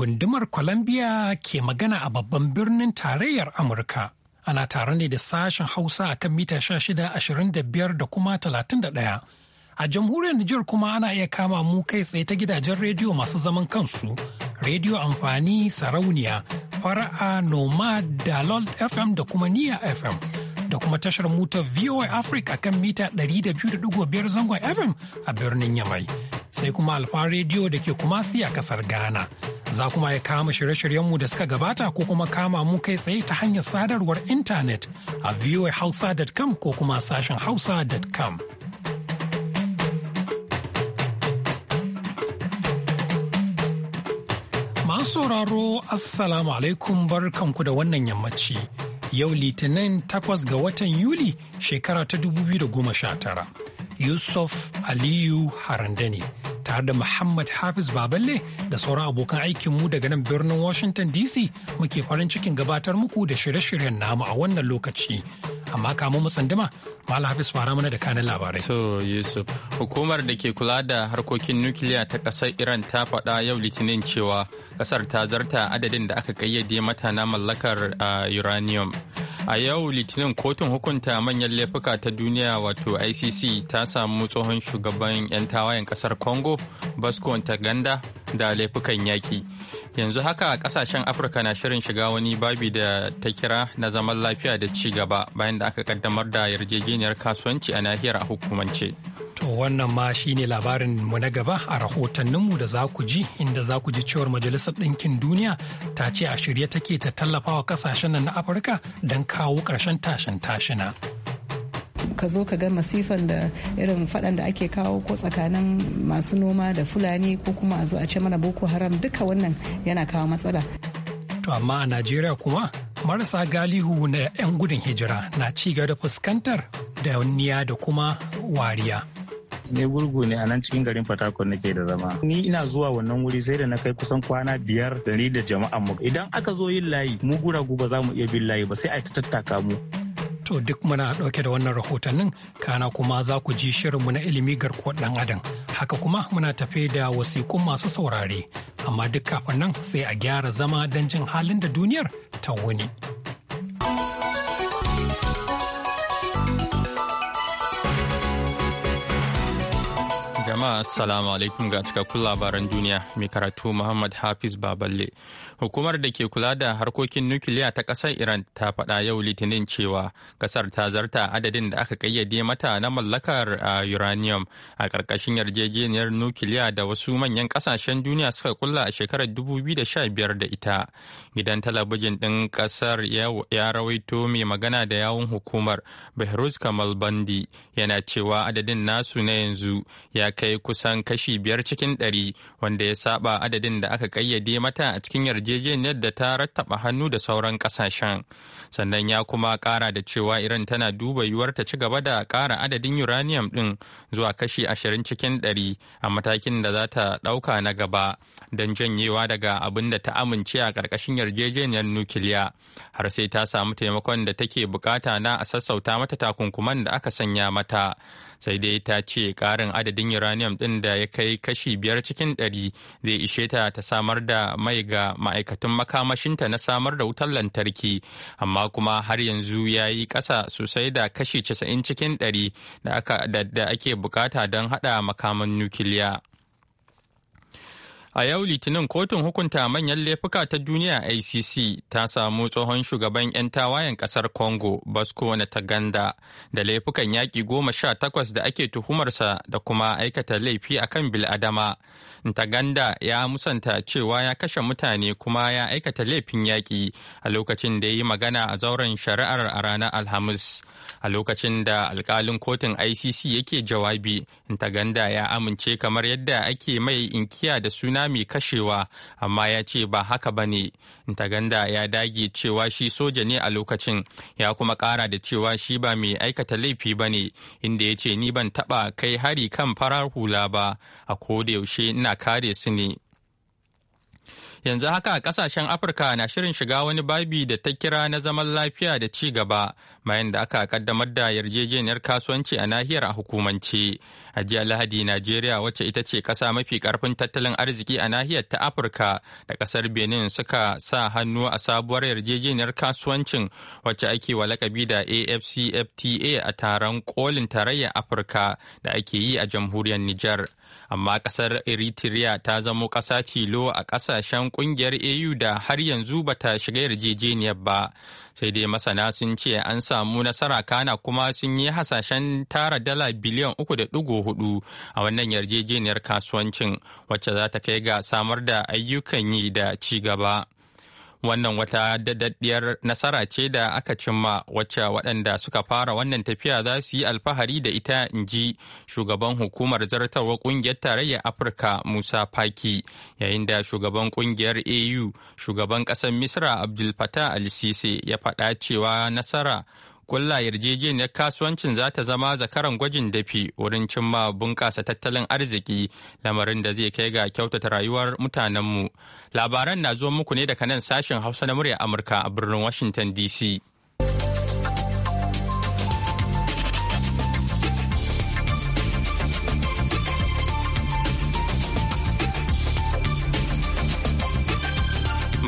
gundumar Columbia ke magana a babban birnin tarayyar Amurka. Ana tare ne da sashen Hausa a kan mita 1625 da kuma 31. A jamhuriyar Nijar kuma ana iya kama mu kai tsaye ta gidajen rediyo masu zaman kansu, rediyo amfani sarauniya, fara'a Noma Lol FM da kuma Niya FM. Da kuma tashar motar VOA Africa kan mita 200.5 zangon FM a birnin Yamai. Sai kuma Alfa rediyo da ke kumasi a kasar Ghana. Za kuma ya kama shirye-shiryenmu da suka gabata ko kuma kama mu kai tsaye ta hanyar sadarwar intanet a voahausa.com ko kuma sashen hausa.com. Masu sauraro Assalamu alaikum barkanku da wannan yammaci. Yau Litinin takwas ga watan Yuli shekara ta 2019. Yusuf Aliyu Harandani. tare da Muhammad Hafiz Baballe da sauran abokan aikinmu daga nan birnin Washington DC muke farin cikin gabatar muku da shirye-shiryen namu a wannan lokaci. Amma kamu mutsandama, Mala Hafiz fara mana da kanin labarai. To Yusuf, hukumar da ke kula da harkokin nukiliya ta ƙasar Iran ta faɗa yau Litinin cewa ƙasar ta zarta adadin da aka kayyade mata na mallakar ah, uranium. a yau litinin kotun hukunta manyan laifuka ta duniya wato icc ta samu tsohon shugaban 'yan tawayen kasar congo basco ganda da laifukan yaƙi yanzu haka kasashen afirka na shirin shiga wani babi da ta kira na zaman lafiya da ci gaba bayan da aka kaddamar da yarjejeniyar kasuwanci a nahiyar a hukumance. To wannan ma shine labarin mu na gaba a rahotanninmu da za ku ji inda za ku ji cewar Majalisar Ɗinkin Duniya ta ce a shirye take ta tallafa wa kasashen nan na Afirka don kawo ƙarshen tashin tashina. ka zo ka ga masifan da irin fadan da ake kawo ko tsakanin masu noma da fulani ko kuma a zo a ce mana boko haram duka wannan yana kawo matsala. To amma a Najeriya kuma marasa galihu na 'yan gudun hijira na ci gaba da fuskantar da da kuma wariya. ne gurgu ne a nan cikin garin Fatakwal nake da zama. Ni ina zuwa wannan wuri sai da na kai kusan kwana biyar da ni da jama'an mu. Idan aka zo yin layi mu guragu ba za mu iya bin layi ba sai a ta tattaka mu. To duk muna dauke da wannan rahotannin kana kuma za ku ji mu na ilimi garkuwar ɗan adam. Haka kuma muna tafe da wasiƙun masu saurare. Amma duk kafin nan sai a gyara zama don jin halin da duniyar ta wuni. jama'a assalamu alaikum ga cikakkun labaran duniya mai karatu muhammad hafiz baballe hukumar da ke kula da harkokin nukiliya ta kasar iran ta faɗa yau litinin cewa kasar ta zarta adadin da aka kayyade mata na mallakar uranium a ƙarƙashin yarjejeniyar nukiliya da wasu manyan ƙasashen duniya suka kulla a shekarar 2015 da ita gidan talabijin ɗin ƙasar ya rawaito mai magana da yawun hukumar behruz kamal bandi yana cewa adadin nasu na yanzu ya kai yi kusan kashi biyar cikin ɗari wanda ya saba adadin da aka kayyade mata a cikin yarjejeniyar da ta rattaba hannu da sauran ƙasashen sannan ya kuma kara da cewa iran tana duba yiwuwar ta ci gaba da ƙara adadin uranium ɗin zuwa kashi ashirin cikin ɗari a matakin da za ta ɗauka na gaba don janyewa daga abin da ta amince a ƙarƙashin yarjejeniyar nukiliya har sai ta samu taimakon da take bukata na a sassauta mata takunkuman da aka sanya mata sai dai ta ce karin adadin uranium ɗin da ya kai kashi biyar cikin ɗari zai ishe ta ta samar da mai ga ma'aikatan makamashinta na samar da wutar lantarki amma kuma har yanzu ya yi ƙasa sosai da kashi casa'in cikin ɗari da ake bukata don haɗa makaman nukiliya. A yau Litinin kotun hukunta manyan laifuka ta duniya ICC ta samu tsohon shugaban 'yan tawayen kasar Congo Bosco na Taganda da laifukan yaƙi goma sha takwas da ake tuhumarsa da kuma aikata laifi a kan bil'adama. Taganda ya musanta cewa ya kashe mutane kuma ya aikata laifin yaƙi a lokacin da ya yi magana a zauren shari'ar a ranar Alhamis. A lokacin da alkalin kotun ICC yake jawabi, Taganda ya amince kamar yadda ake mai inkiya da suna mai kashewa amma ya ce ba haka ba ne ntaganda ya dage cewa shi soja ne a lokacin ya kuma kara da cewa shi ba mai aikata laifi ba ne inda ya ce ni ban taba kai hari kan farar hula ba a yaushe ina kare su ne yanzu haka kasashen afirka na shirin shiga wani babi da ta kira na zaman lafiya da ci gaba bayan da aka kaddamar da yarjejeniyar kasuwanci a nahiyar a hukumance a jiya lahadi najeriya wacce ita ce kasa mafi karfin tattalin arziki a nahiyar ta afirka da kasar benin suka sa hannu a sabuwar yarjejeniyar kasuwancin wacce ake wa lakabi da afcfta a taron kolin tarayyar afirka da ake yi a jamhuriyar nijar amma kasar eritrea ta zamo ƙasa tilo a kasashen ƙungiyar au da har yanzu bata shiga yarjejeniyar ba sai dai masana sun ce an samu nasara kana kuma sun yi hasashen tara dala biliyan uku da ɗigo hudu a wannan yarjejeniyar kasuwancin wacce za ta kai ga samar da ayyukan yi da ci gaba. Wannan wata daɗaɗɗiyar nasara ce da aka cimma wacce waɗanda suka fara wannan tafiya za su yi alfahari da ita in ji shugaban hukumar zartarwa ƙungiyar tarayyar Afirka Musa Faki yayin da shugaban ƙungiyar AU shugaban ƙasar Misra Abdul Fattah al-Sisi ya faɗa cewa nasara kulla yarjejeniyar kasuwancin za ta zama zakaran gwajin dafi wurin cimma bunƙasa tattalin arziki lamarin da zai kai ga kyautata rayuwar mutanenmu labaran na zo muku ne daga nan sashen hausa na murya amurka a birnin washington dc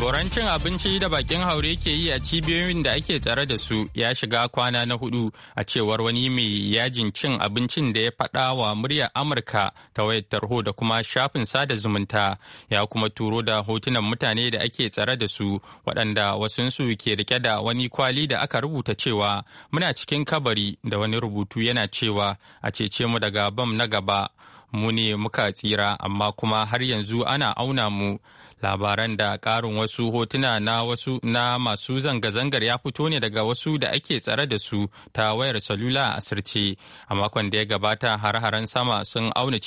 goran cin abinci da bakin haure ke yi a cibiyoyin da ake tsare da su ya shiga kwana na hudu a cewar wani mai yajin cin abincin da ya faɗa wa muryar Amurka ta wayar tarho da kuma shafin sada zumunta ya kuma turo da hotunan mutane da ake tsare da su waɗanda wasunsu ke rike da wani kwali da aka rubuta cewa muna cikin kabari da wani rubutu yana cewa a cece mu daga bam na gaba mu ne muka tsira amma kuma har yanzu ana auna mu labaran da karin wasu hotuna na wasu na masu zanga-zangar ya fito ne daga wasu da ake tsare da su ta wayar salula a asirce a makon da ya gabata har-haren sama sun auna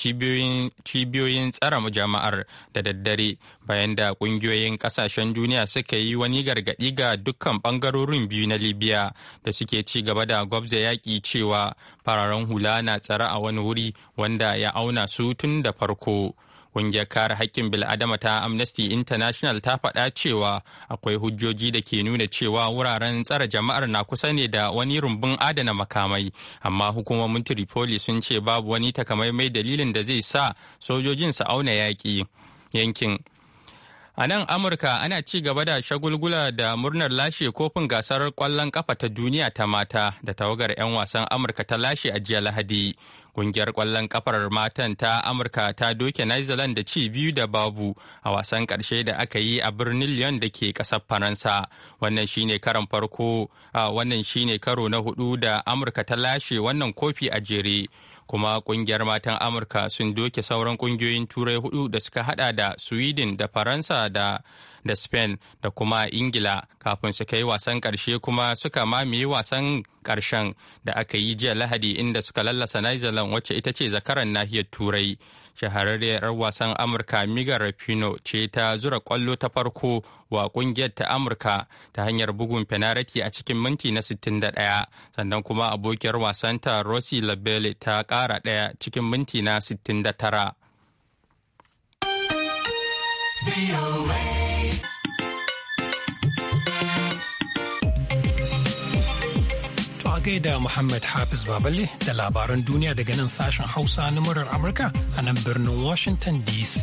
cibiyoyin tsara jama'ar da daddare bayan da kungiyoyin kasashen duniya suka yi wani gargaɗi ga dukkan bangarorin biyu na libya da suke ci gaba da gwabza yaƙi cewa fararen hula na tsare a wani wuri wanda ya auna su tun da farko. Ƙungiyar kare haƙƙin bil'adama ta Amnesty International ta faɗa cewa akwai hujjoji da ke nuna cewa wuraren tsare jama'ar na kusa ne da wani rumbun adana makamai, amma hukumomin Tripoli sun ce babu wani takamaimai dalilin da zai sa sojojin su auna yaƙi yankin. A nan Amurka ana ci gaba da shagulgula da murnar lashe kofin gasar kwallon kafa ta duniya ta mata da tawagar 'yan wasan Amurka ta lashe a jiya Lahadi. Kungiyar kwallon kafar matan ta Amurka ta doke Nizaland da ci biyu da babu a wasan karshe da aka yi a birnin Lyon da ke kasar Faransa. Wannan shine karon farko, wannan shine karo na hudu da Amurka ta lashe wannan kofi a jere. kuma kungiyar matan amurka sun doke sauran kungiyoyin turai hudu da suka hada da sweden da faransa da da spain da kuma ingila kafin su kai wasan karshe kuma suka mamaye wasan karshen da aka yi jiya lahadi inda suka lallasa nizalan wacce ita ce zakaran nahiyar turai shahararriyar wasan amurka miga rapino ce ta zura kwallo ta farko wa kungiyar ta amurka ta hanyar bugun fenarati a cikin minti na 61 sannan kuma abokiyar wasanta rossi labelle ta kara daya cikin minti na 69 gaida Muhammad Hafiz Baballe da labaran duniya daga nan sashen Hausa na murar Amurka a nan birnin Washington DC.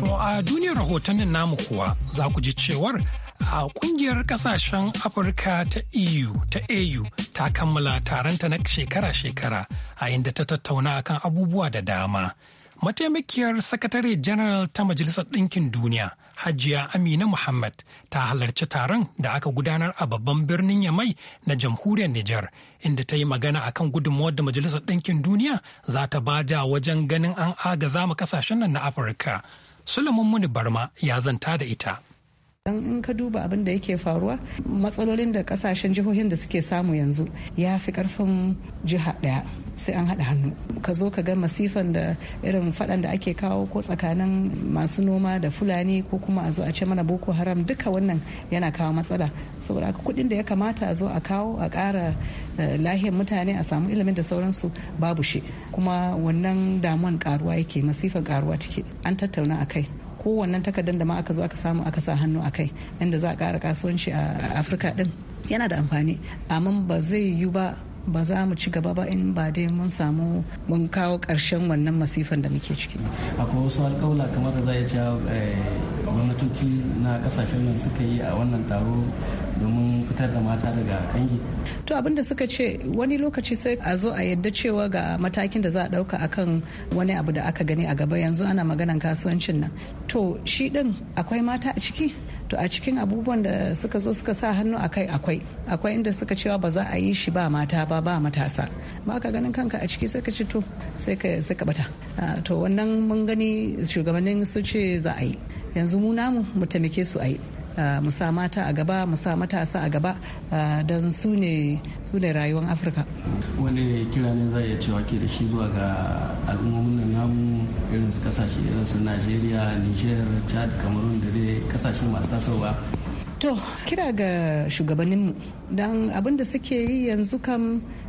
To a duniyar rahotannin namu kuwa za ku ji cewar a kungiyar kasashen Afirka ta EU ta AU ta kammala taronta na shekara-shekara a inda ta tattauna akan abubuwa da dama. mataimakiyar sakatare general ta majalisar ɗinkin duniya Hajiya Amina Muhammad ta halarci taron da aka gudanar a babban birnin Yamai na jamhuriyar Nijar, inda ta yi magana a kan gudunmuwar da Majalisar Ɗinkin Duniya za ta bada wajen ganin an agaza ma kasashen nan na Afirka. Sulaiman Muni Barma ya zanta da ita. dan in ka duba abin da yake faruwa matsalolin da kasashen jihohin da suke samu yanzu ya fi karfin jiha daya sai an haɗa hannu ka zo ka ga masifan da irin faɗan da ake kawo ko tsakanin masu noma da fulani ko kuma a zo a ce mana boko haram duka wannan yana kawo matsala saboda haka kuɗin da ya kamata a zo a kawo a ƙara eh, lahiyar mutane a samu ilimin da sauransu babu shi kuma wannan damuwan karuwa yake masifan karuwa take an tattauna a kai kowanne takardar da ma aka zo aka samu aka sa hannu a kai inda za a kara kasuwanci a afirka din yana da amfani amma ba zai yi ba ba za mu ci gaba ba in ba dai mun samu mun kawo ƙarshen wannan masifan da muke ciki. akwai wasu alƙawla kamar da za a ja eh, gwamnatoci na ƙasashen nan suka yi a wannan taro domin fitar da mata daga kangi. To abin da suka ce wani lokaci sai a zo a yadda cewa ga matakin da za a ɗauka akan wani abu da aka gani a gaba yanzu ana maganan kasuwancin nan. To shi ɗin akwai mata a ciki? to a cikin abubuwan da suka zo suka sa hannu akai akwai akwai inda suka cewa ba za a yi shi ba mata ba ba matasa ba ka ganin kanka a ciki sai ka ci to sai ka bata to wannan mun gani shugabannin su ce za a yi yanzu mu namu mu taimake su a yi Ah, mu sa mata a gaba mu sa matasa a gaba ah, don su ne rayuwar afirka wani kira ne za iya cewa ke da shi zuwa ga al'ummomin nan namu irin su kasashe irin su nigeria niger chad cameroon da dai kasashe masu tasowa To, kira ga shugabanninmu don abin da suke yi yanzu kam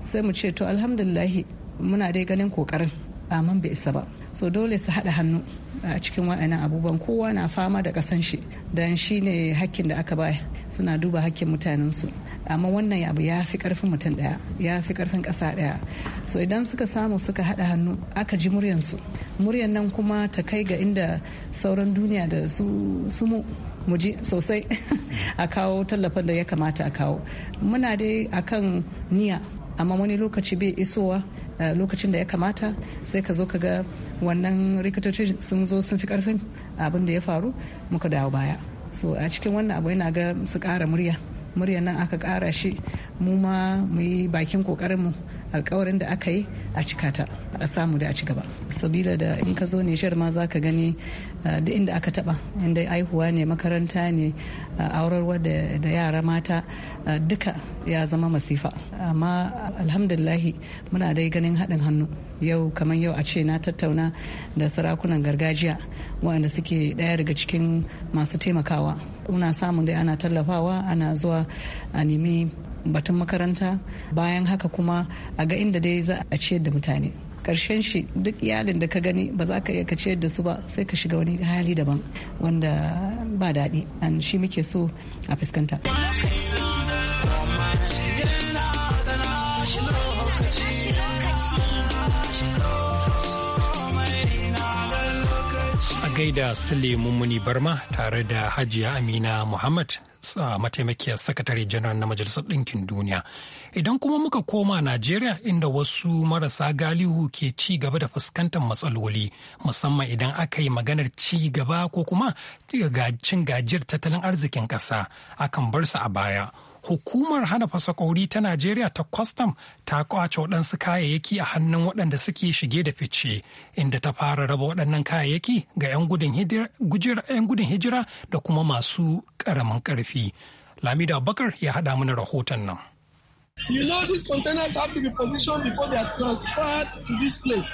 sai mu ce to alhamdulillahi muna dai ganin kokarin amma bai isa ba so dole su haɗa hannu a cikin waɗannan abubuwan kowa na fama da ƙasan shi don shi ne hakkin da aka baya suna duba hakkin mutanensu amma wannan abu ya fi karfin mutum daya ya fi karfin ƙasa daya so idan suka samu suka haɗa hannu aka ji muryansu muryan nan kuma ta kai ga inda sauran duniya da su mu mu ji sosai a kawo tallafin da ya kamata a kawo muna dai akan niyya amma wani lokaci bai isowa eh, lokacin da ya kamata sai ka zo ka ga wannan rikitocin sun zo sun fi karfin abin da ya faru muka dawo baya so a cikin wannan abu yana ga su kara murya murya nan aka kara shi mu ma mu yi bakin kokarinmu alkawarin da aka yi a cika ta a samu da a ci gaba sabila da in ka zo nishar ma za ka gani duk inda aka taba inda aihuwa ne makaranta ne aurarwa da yara mata duka ya zama masifa amma alhamdulillahi muna dai ganin haɗin hannu yau kamar yau a ce na tattauna da sarakunan gargajiya waɗanda suke ɗaya daga cikin masu taimakawa muna samun dai ana tallafawa ana zuwa a nemi batun makaranta bayan haka kuma a ga inda dai za a ciyar da mutane karshen shi duk iyalin da ka gani ba za ka iya ka ciyar da su ba sai ka shiga wani hali daban wanda ba daɗi an shi muke so a fuskanta. gaida Sule Mummuni Barma tare da Hajiya Amina Muhammad a mataimakiyar sakatare janar na Majalisar Ɗinkin Duniya. Idan kuma muka koma Najeriya inda wasu marasa galihu ke ci gaba da fuskantar matsaloli musamman idan aka yi maganar ci gaba ko kuma cin gajiyar tattalin arzikin ƙasa akan bar su a baya. hukumar hana fasakori ta najeriya ta kwastam ta kwace waɗansu kayayyaki a hannun waɗanda suke shige da fice inda ta fara raba waɗannan kayayyaki ga 'yan gudun hijira da kuma masu ƙaramin ƙarfi lamida bakar ya haɗa mana rahoton nan You know these containers have to be positioned before they are transferred to this place.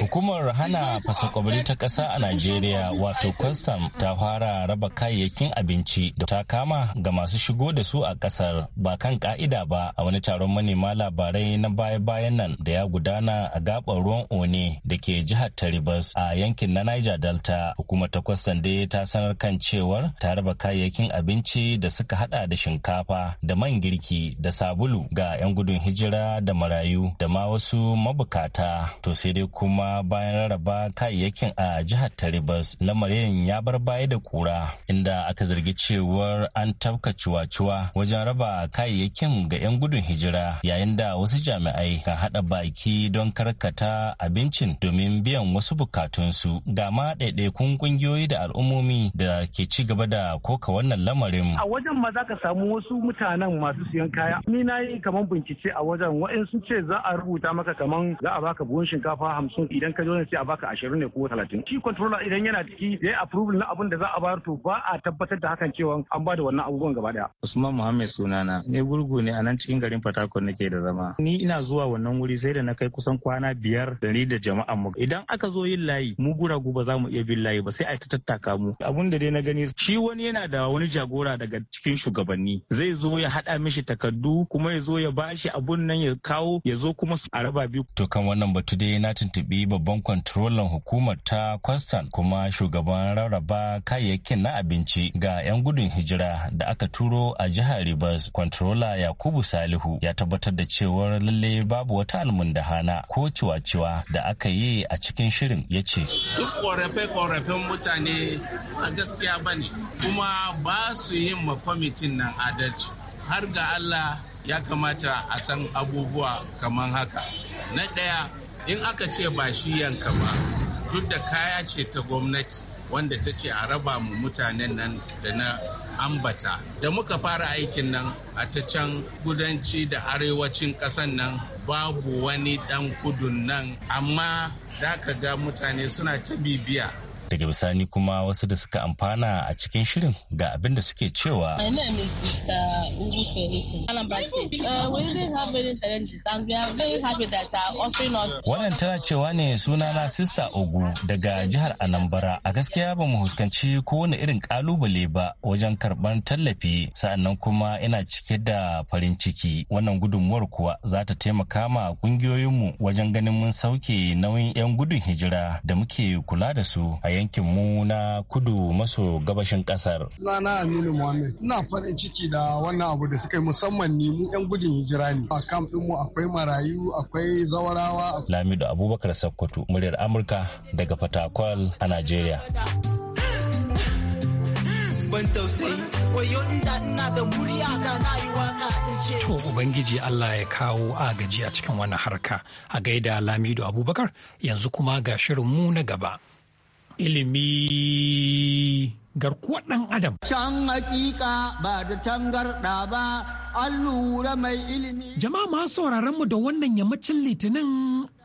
Hukumar hana fasakwabari ta ƙasa a Najeriya wato kwastam ta fara raba kayayyakin abinci da ta kama ga masu shigo da su a ƙasar ba kan ka'ida ba a wani taron manema labarai na baya-bayan nan da ya gudana a gaɓar ruwan One da ke jihar Taribas a yankin na Niger Delta. Hukumar ta kwastam dai ta sanar kan cewar ta raba kayayyakin abinci da suka hada da shinkafa da man girki da sabulu ga 'yan gudun hijira da marayu da ma wasu mabukata. To sai dai kuma bayan rarraba kayayyakin a jihar taribas lamarin ya bar baya da kura inda aka zargi cewar an tafka cuwa-cuwa wajen raba kayayyakin ga 'yan gudun hijira yayin da wasu jami'ai kan haɗa baki don karkata abincin domin biyan wasu bukatunsu ga ma ɗaiɗaikun ƙungiyoyi da al'ummomi da ke ci gaba da koka wannan lamarin. A wajen ma za ka samu wasu mutanen masu siyan kaya. Ni na yi kamar bincike a wajen wa'in sun ce za a rubuta maka kamar za a baka buhun shinkafa shinkafa hamsin idan ka zo sai a baka ashirin ne ko talatin shi controller idan yana ciki ya yi approval na abun da za a bayar to ba a tabbatar da hakan cewa an ba da wannan abubuwan gaba daya usman muhammed sunana ne gurgu ne a nan cikin garin fatakon nake da zama ni ina zuwa wannan wuri sai da na kai kusan kwana biyar da ni da jama'an mu idan aka zo yin layi mu guragu ba za mu iya bin layi ba sai a ta tattaka mu abin da dai na gani shi wani yana da wani jagora daga cikin shugabanni zai zo ya haɗa mishi takardu kuma ya zo ya bashi abun nan ya kawo ya zo kuma a raba biyu to kan wannan batu dai na tuntubi babban kwantrolan hukumar ta kwastan kuma shugaban rarraba kayayyakin na abinci ga 'yan gudun hijira da aka turo a jihar Rivers. Kwantrola Yakubu Salihu ya tabbatar da cewar lalle babu wata almundahana ko ciwa-ciwa da aka yi a cikin shirin ya ce. Duk korafe-korafen mutane a gaskiya ba ne kuma ba su yin ma nan adalci. Har ga Allah ya kamata a san abubuwa kamar haka. Na ɗaya in aka ce ba shi yanka ba duk da kaya ce ta gwamnati wanda ta ce a raba mu mutanen nan da na ambata da muka fara aikin nan a ta can gudanci da arewacin ƙasan nan babu wani ɗan kudun nan amma da ka ga mutane suna ta bibiya daga bisani kuma wasu da suka amfana a cikin shirin ga abin da suke cewa uh, uh, wannan tana cewa ne sunana sista ogu daga jihar anambra a gaskiya ba mu huskanci kowane irin kalubale ba wajen karban tallafi sa'annan kuma ina cike da farin ciki wannan gudunmuwar kuwa za ta taimaka ma kungiyoyinmu wajen ganin mun sauke nauyin 'yan gudun hijira da muke kula da su a yankin mu na kudu maso gabashin kasar. Sunana Aminu Muhammad. Ina farin ciki da wannan abu da suka yi musamman ni mu 'yan gudun hijira ne. A kam mu akwai marayu, akwai zawarawa. Lamido Abubakar Sakkwato, muryar Amurka daga Fatakwal a Najeriya. to ubangiji Allah ya kawo agaji a cikin wani harka a gaida Lamido Abubakar yanzu kuma ga shirin mu na gaba ilimi garkuwa ɗan adam. Can hakika ba da tangarɗa ba, an lura mai ilimi. Jama'a masu sauraron mu da wannan yammacin litinin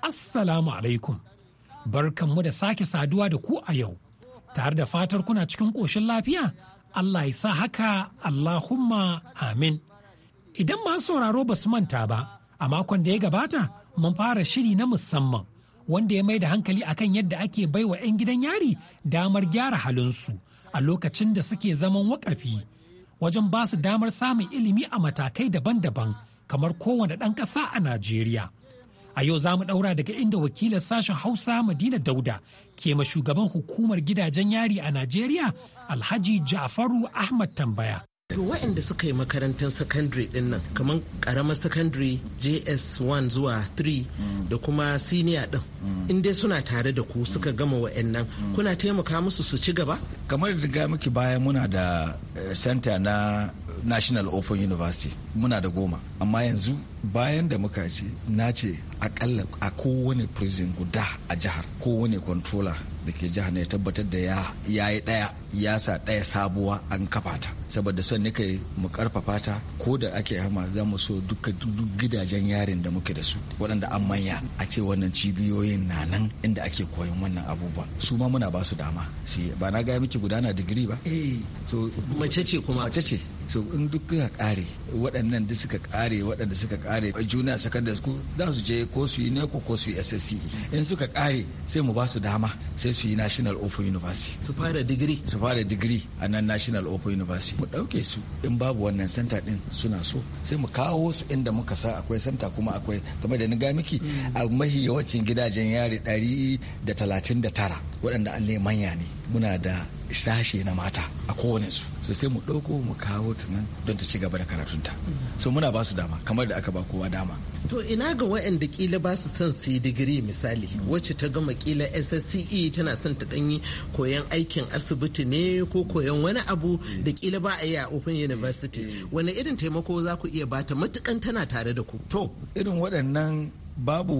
Assalamu alaikum. Barkanmu da sake saduwa da ku a yau, tare da fatar kuna cikin ƙoshin lafiya, Allah ya sa haka Allahumma amin. Idan masu sauraro ba su manta ba, a makon da ya gabata mun fara shiri na musamman wanda ya mai da hankali akan yadda ake baiwa 'yan gidan yari damar gyara halinsu a lokacin da suke zaman wakafi wajen ba su damar samun ilimi a matakai daban-daban kamar kowane ɗan ƙasa a Najeriya. A yau za mu ɗaura daga inda wakilar sashen Hausa Madina Dauda ke ma shugaban hukumar gidajen yari a Najeriya Alhaji Ja'faru Ahmad tambaya To waɗanda suka yi makarantar secondary din nan kamar karamar secondary JS1 zuwa 3 da kuma senior ɗin, mm. in dai suna tare da ku suka gama waɗannan mm. kuna taimaka musu su ci gaba? Kamar da ga muke baya muna da eh, center na National Open University muna da goma amma yanzu bayan da muka ce na ce akalla a kowane prison guda a jihar kowane controller da ke jihar ne tabbatar da ya yi daya ya sa daya sabuwa an kafa ta saboda son ne kai mu karfafa ta ko da ake hama za mu so duka gidajen yarin da muke da su waɗanda an manya a ce wannan cibiyoyin na nan inda ake koyon wannan abubuwan su ma muna ba su dama ba na gaya miki gudana digiri ba eh, so mace ce kuma mace ce so in duk ka kare waɗannan da suka kare waɗanda suka kare juna secondary su za su je ko su yi neko ko su yi ssce in suka kare sai mu ba su dama sai su yi national open university su fara digiri su fara digiri a nan national open university mu ɗauke su in babu wannan santa ɗin suna so sai mu kawo su inda muka sa akwai santa kuma akwai kamar da ni ga miki mm. a mahi yawancin gidajen yari ɗari da talatin da tara waɗanda an ne manya ne muna da sashe na mata a kowane su so sai mu ɗauko mu kawo ta don ta ci gaba da karatunta so muna ba su dama kamar da aka ba kowa dama to ina ga waɗanda kila ba su son su yi digiri misali wacce ta gama kila ssce tana son ta ɗanyi koyan aikin asibiti ne ko koyan wani abu da kila ba a yi a open university wani irin taimako za ku iya bata matukan tana tare da ku to irin waɗannan babu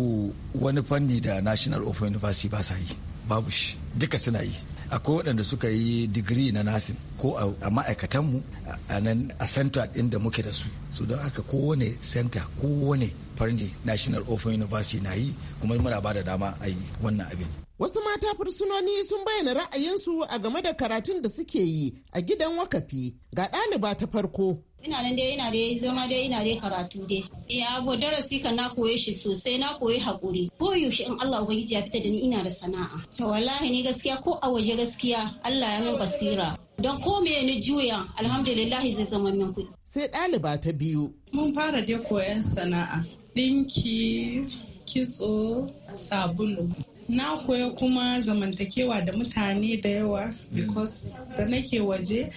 wani fanni da national open university ba sa yi babu shi duka suna yi akwai waɗanda suka yi digiri na nasin ko a ma'aikatanmu a nan a center ɗin da muke da su su don haka kowane center kowane farni national open university na yi kuma muna ba da dama a yi wannan abin Wasu mata fursunoni sun bayyana ra'ayinsu a game da karatun da suke yi a gidan wakafi ga ɗaliba ta farko. Ina nan dai ina dai zama dai ina dai karatu dai. Ya abu darasi kan na koye shi sosai na koyi hakuri. Ko yaushe in Allah ubangiji ya fitar da ni ina da sana'a. To wallahi ni gaskiya ko a waje gaskiya Allah ya min basira. Don ko me ni juya alhamdulillah zai zama min kuɗi. Sai ɗaliba ta biyu. Mun fara dai koyon sana'a. Ɗinki, kitso, sabulu. na koya kuma zamantakewa da mutane da yawa because da nake waje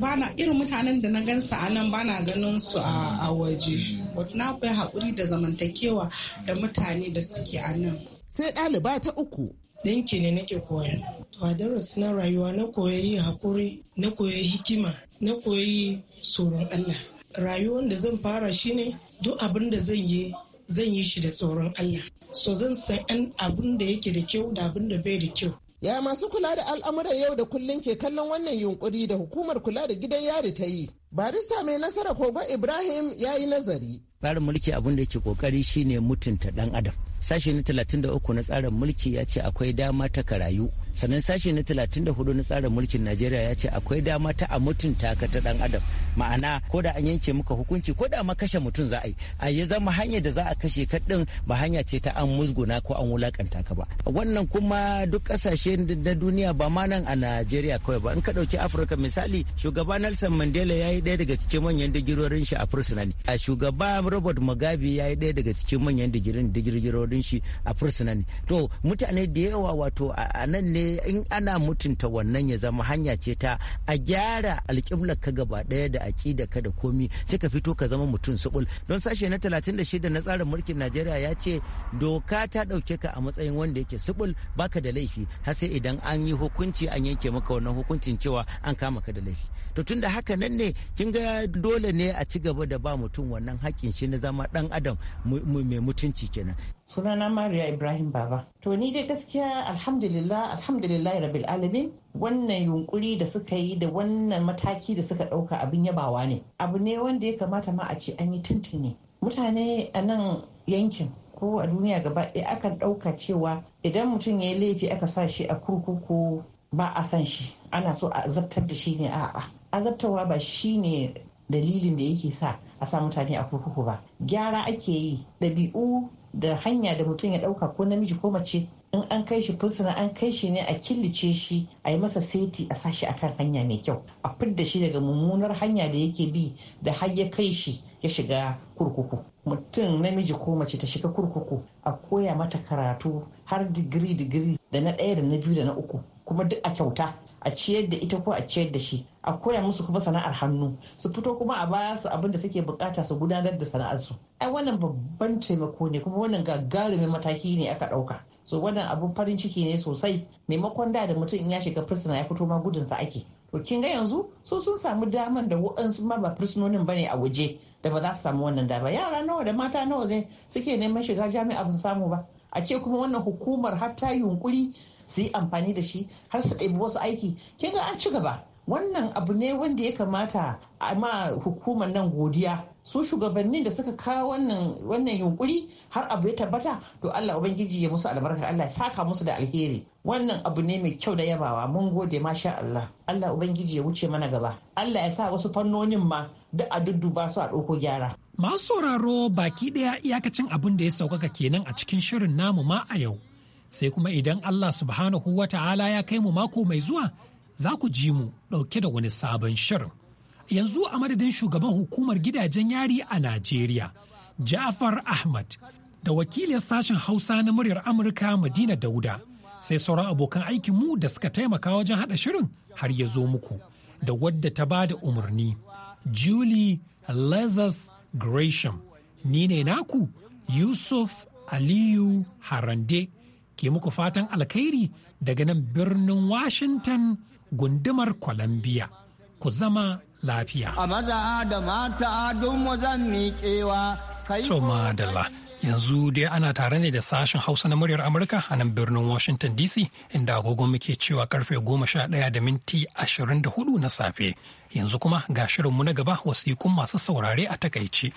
bana irin mutanen da na gansa a nan bana ganin su a waje but na koya haƙuri da zamantakewa da mutane da suke a nan sai ɗaliba ta uku ɗinki ne nake koya a darasi na rayuwa na koyi haƙuri na koya hikima na koyi tsoron allah rayuwar da zan fara shine duk abin da zan yi zan yi shi da tsoron allah so zan san an abin da yake da kyau da abin da bai da kyau ya masu kula da al'amuran yau da kullum ke kallon wannan yunkuri da hukumar kula da gidan yari ta yi barista mai nasara kogo ibrahim ya yi nazari tsarin mulki abin da yake kokari shine mutunta dan adam sashe na 33 na tsarin mulki ya ce akwai dama ta karayu sannan sashe na 34 na tsarin mulkin najeriya ya ce akwai dama ta a mutunta ka ta dan adam ma'ana ko da an yanke muka hukunci ko da ma kashe mutum za a yi a ya zama hanyar da za a kashe ka din ba hanya ce ta an musguna ko an wulakanta ka ba wannan kuma duk kasashe na duniya ba ma nan a najeriya kawai ba in ka dauki afirka misali shugaba nelson mandela ya yi ɗaya daga cikin manyan digirorin shi a fursuna ne a shugaba robert mugabe ya yi ɗaya daga cikin manyan digirorin shi a fursuna ne to mutane da yawa wato a nan ne sai in ana mutunta wannan ya zama hanya ce ta a gyara alƙiblar ka gaba ɗaya da aƙida ka da komi sai ka fito ka zama mutum subul don sashe na 36 na tsarin mulkin Najeriya ya ce doka ta ɗauke ka a matsayin wanda yake subul baka da laifi har sai idan an yi hukunci an yanke maka wannan hukuncin cewa an kama ka da laifi to tunda haka nan ne kin ga dole ne a ci gaba da ba mutum wannan haƙƙin shi na zama ɗan adam mai mutunci kenan sunana mariya ibrahim baba to ni dai gaskiya alhamdulillah alhamdulillah rabbil alamin wannan yunkuri da suka yi da wannan mataki da suka ɗauka abin yabawa ne abu ne wanda ya kamata ma a ce an yi tuntuni mutane a nan yankin ko a duniya gaba ɗaya akan ɗauka cewa idan mutum ya yi laifi aka sa shi a kurkuku ba a san shi ana so a azabtar da shi ne a'a azabtawa ba shi ne dalilin da yake sa a sa mutane a kurkuku ba gyara ake yi ɗabi'u da hanya da mutum ya ɗauka ko namiji ko mace in an kai shi fursuna an kai shi ne a killace shi a yi masa seti a sashi akan hanya mai kyau a fidda shi daga mummunar hanya da yake bi da har ya kai shi ya shiga kurkuku mutum namiji ko mace ta shiga kurkuku a koya mata karatu har digiri digiri da na ɗaya da na biyu da na uku kuma duk a kyauta a ciyar da ita ko a ciyar da shi a koya musu kuma sana'ar hannu su fito kuma a baya su abin da suke bukata su gudanar da sana'arsu ai wannan babban taimako ne kuma wannan gagarumin mataki ne aka dauka so wannan abun farin ciki ne sosai maimakon da da mutum in ya shiga fursuna ya fito ma sa ake to kin ga yanzu su sun samu daman da wa'ansu ma ba fursunonin bane a waje da ba za su samu wannan ba yara nawa da mata nawa ne suke neman shiga jami'a ba su samu ba a ce kuma wannan hukumar hatta ta yunkuri su yi amfani da shi har su ɗebi wasu aiki kin ga an ci gaba wannan abu ne wanda ya kamata a ma hukumar nan godiya su shugabannin da suka kawo wannan wannan yunkuri har abu ya tabbata to Allah ubangiji ya musu albarka Allah ya saka musu da alheri wannan abu ne mai kyau da yabawa mun gode masha Allah Allah ubangiji ya wuce mana gaba Allah ya sa wasu fannonin ma duk a dudduba su a ɗauko gyara masu sauraro baki ɗaya iyakacin abin da ya sauƙaƙa kenan a cikin shirin namu ma a yau sai kuma idan Allah subhanahu wa ta'ala ya kai mu mako mai zuwa za ku ji mu ɗauke da wani sabon shirin. Yanzu a madadin shugaban hukumar gidajen yari a Najeriya, Ja'far Ahmad, da wakilin sashen Hausa na muryar Amurka Madina Dauda, sai sauran abokan aikin mu da suka taimaka wajen haɗa shirin har ya zo muku, da wadda ta ba da umarni, Julie Lazarus Gresham, ni ne naku Yusuf Aliyu Harande. ke muku fatan alkhairi daga nan birnin Washington gundumar Columbia. Ku zama lafiya. A maza da mata don zan miƙewa kai. madalla. Yanzu dai ana tare ne da sashen Hausa na muryar Amurka a nan birnin Washington DC inda agogo muke cewa karfe goma sha ɗaya da minti ashirin da hudu na safe. Yanzu kuma ga shirin mu na gaba wasikun masu saurare a takaici.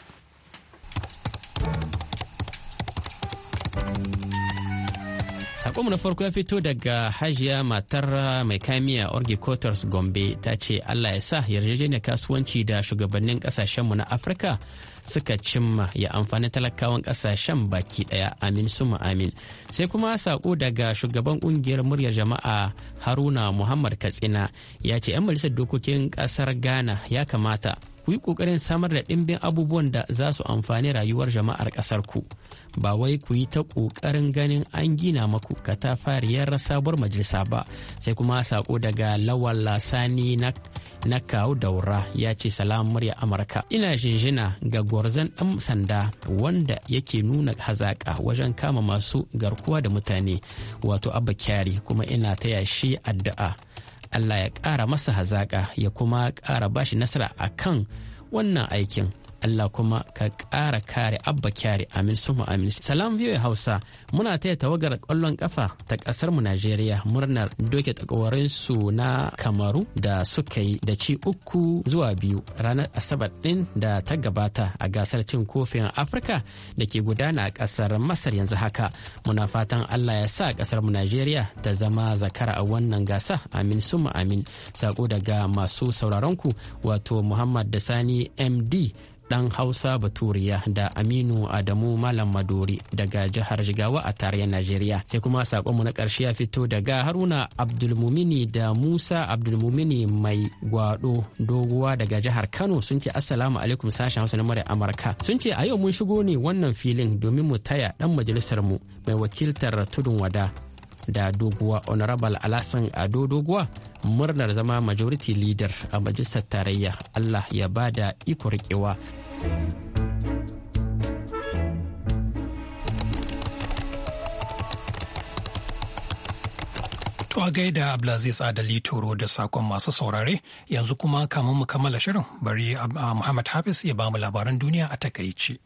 Sakonmu na farko ya fito daga hajiya matar uh, mai kamiya Orgi Quarters Gombe ta ce Allah ya sa yarjejeniyar kasuwanci da shugabannin kasashenmu na Afirka suka cimma ya amfani talakawan kasashen baki daya amin suma amin. Sai kuma sako daga shugaban kungiyar muryar jama'a Haruna Muhammad Katsina ya ce 'yan majalisar dokokin kasar Ghana ya kamata ku yi ƙoƙarin samar da ɗimbin abubuwan da za su amfani rayuwar jama'ar ƙasar ku ba wai ku yi ta ƙoƙarin ganin an gina maku katafariyar sabuwar majalisa ba sai kuma saƙo daga lawal sani na na kawo daura ya ce salam murya amurka ina jinjina ga gwarzon ɗan sanda wanda yake nuna hazaƙa wajen kama masu garkuwa da mutane wato abba kyari kuma ina ta yashi addu'a Allah ya ƙara masa hazaƙa ya kuma ƙara bashi nasara a kan wannan aikin Allah kuma ka ƙara kare abba kyare amin sumu amin salam biyu hausa muna taya tawagar ƙwallon kafa ta ƙasar mu Najeriya murnar doke takwarin su na Kamaru da suka yi da ci uku zuwa biyu ranar Asabar ɗin da ta gabata a gasar cin kofin Afirka da ke gudana a ƙasar Masar yanzu haka muna fatan Allah ya sa ƙasar mu Najeriya ta zama zakara a wannan gasa amin suma amin sako daga masu sauraron ku wato Muhammad da Sani MD dan hausa baturiya da aminu adamu malam maduri daga jihar jigawa a tarayyar najeriya sai kuma sakonmu na ƙarshe ya fito daga haruna abdulmumini da musa abdulmumini mai gwado doguwa daga jihar kano sun ce assalamu alaikum sashen hausa na mara amurka sun ce a yau mun shigo ne wannan filin domin mu taya dan majalisar mu mai wakiltar tudun wada da doguwa honorable alasan ado doguwa murnar zama majority leader a majalisar tarayya allah ya ba da iko riƙewa. To a gaida Abdulaziz Adali Toro da sakon masu saurare yanzu kuma kamun mu kammala shirin bari ah, Muhammad Hafiz ya bamu labaran duniya a takaici.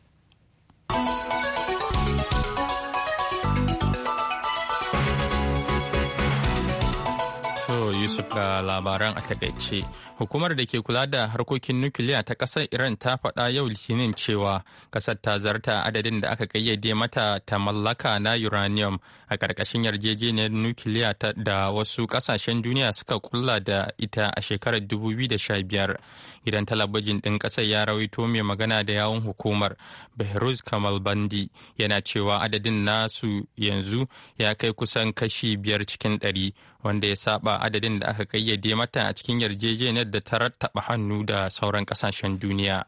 ga labaran a takaice. Hukumar da ke kula da harkokin nukiliya ta kasar Iran ta faɗa yau Litinin cewa kasar ta zarta adadin da aka kayyade mata ta mallaka na uranium a ƙarƙashin yarjejeniyar nukiliya da wasu ƙasashen duniya suka kulla da ita a shekarar 2015. Gidan talabijin ɗin ƙasar ya rawaito mai magana da yawun hukumar Behruz Kamal Bandi yana cewa adadin nasu yanzu ya kai kusan kashi biyar cikin ɗari wanda ya saba adadin da aka kayyade mata a cikin yarjejeniyar da ta rattaba hannu da sauran kasashen duniya.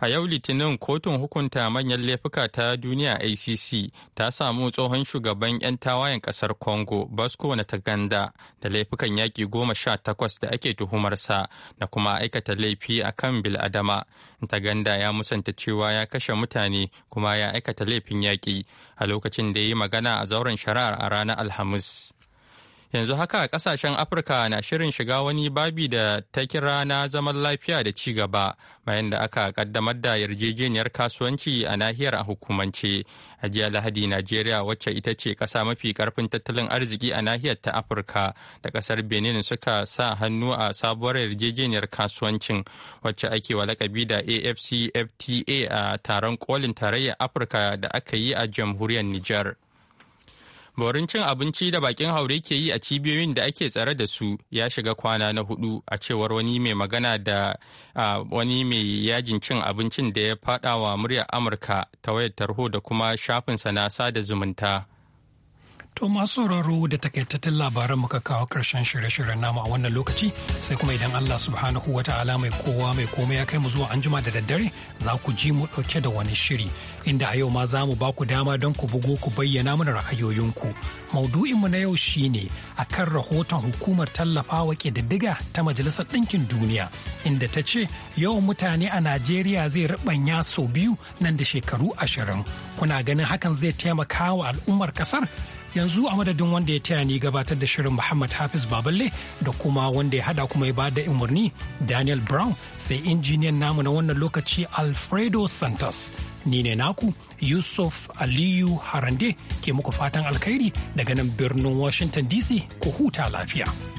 A yau Litinin kotun hukunta manyan laifuka ta duniya acc ta samu tsohon shugaban 'yan tawayen kasar Congo Basco na Taganda da laifukan yaƙi goma sha takwas da ake tuhumarsa da kuma aikata laifi a kan Biladama. Taganda ya musanta cewa ya kashe mutane kuma ya aikata laifin yaƙi a lokacin da ya yi magana a zauren shari'ar a ranar Alhamis. yanzu haka kasashen afirka na shirin shiga wani babi da ta kira na zaman lafiya da ci gaba bayan da aka kaddamar da yarjejeniyar kasuwanci a nahiyar a hukumance a jiya lahadi najeriya wacce ita ce kasa mafi karfin tattalin arziki a nahiyar ta afirka da kasar benin suka sa hannu a sabuwar yarjejeniyar kasuwancin wacce ake wa lakabi da afcfta a taron kolin tarayyar afirka da aka yi a jamhuriyar Nijar. Borin cin abinci da bakin haure ke yi a cibiyoyin da ake tsare da su ya shiga kwana na hudu a cewar wani mai magana da wani mai yajin cin abincin da ya fada wa muryar Amurka ta wayar tarho da kuma shafin na sada zumunta. To masu sauraro da takaitattun labaran muka kawo karshen shirye-shiryen namu a wannan lokaci sai kuma idan Allah subhanahu wa ta'ala mai kowa mai komai ya kai mu zuwa anjima da daddare za ku ji mu ɗauke da wani shiri. inda a yau ma za mu ba ku dama don ku bugo ku bayyana mana ra'ayoyinku. Maudu'inmu na yau shine a kan rahoton hukumar tallafawa ƙididdiga ta Majalisar Ɗinkin Duniya, inda ta ce yawan mutane a Najeriya zai rabanya sau biyu nan da shekaru ashirin. Kuna ganin hakan zai taimaka wa al'ummar ƙasar yanzu a madadin wanda ya taya ni gabatar da shirin Muhammad Hafiz Baballe da kuma wanda ya hada kuma ya ba da umarni Daniel Brown sai injiniyan namu na wannan lokaci Alfredo Santos. Ni ne naku Yusuf Aliyu Harande ke muku fatan alkhairi daga nan birnin Washington DC ku huta lafiya.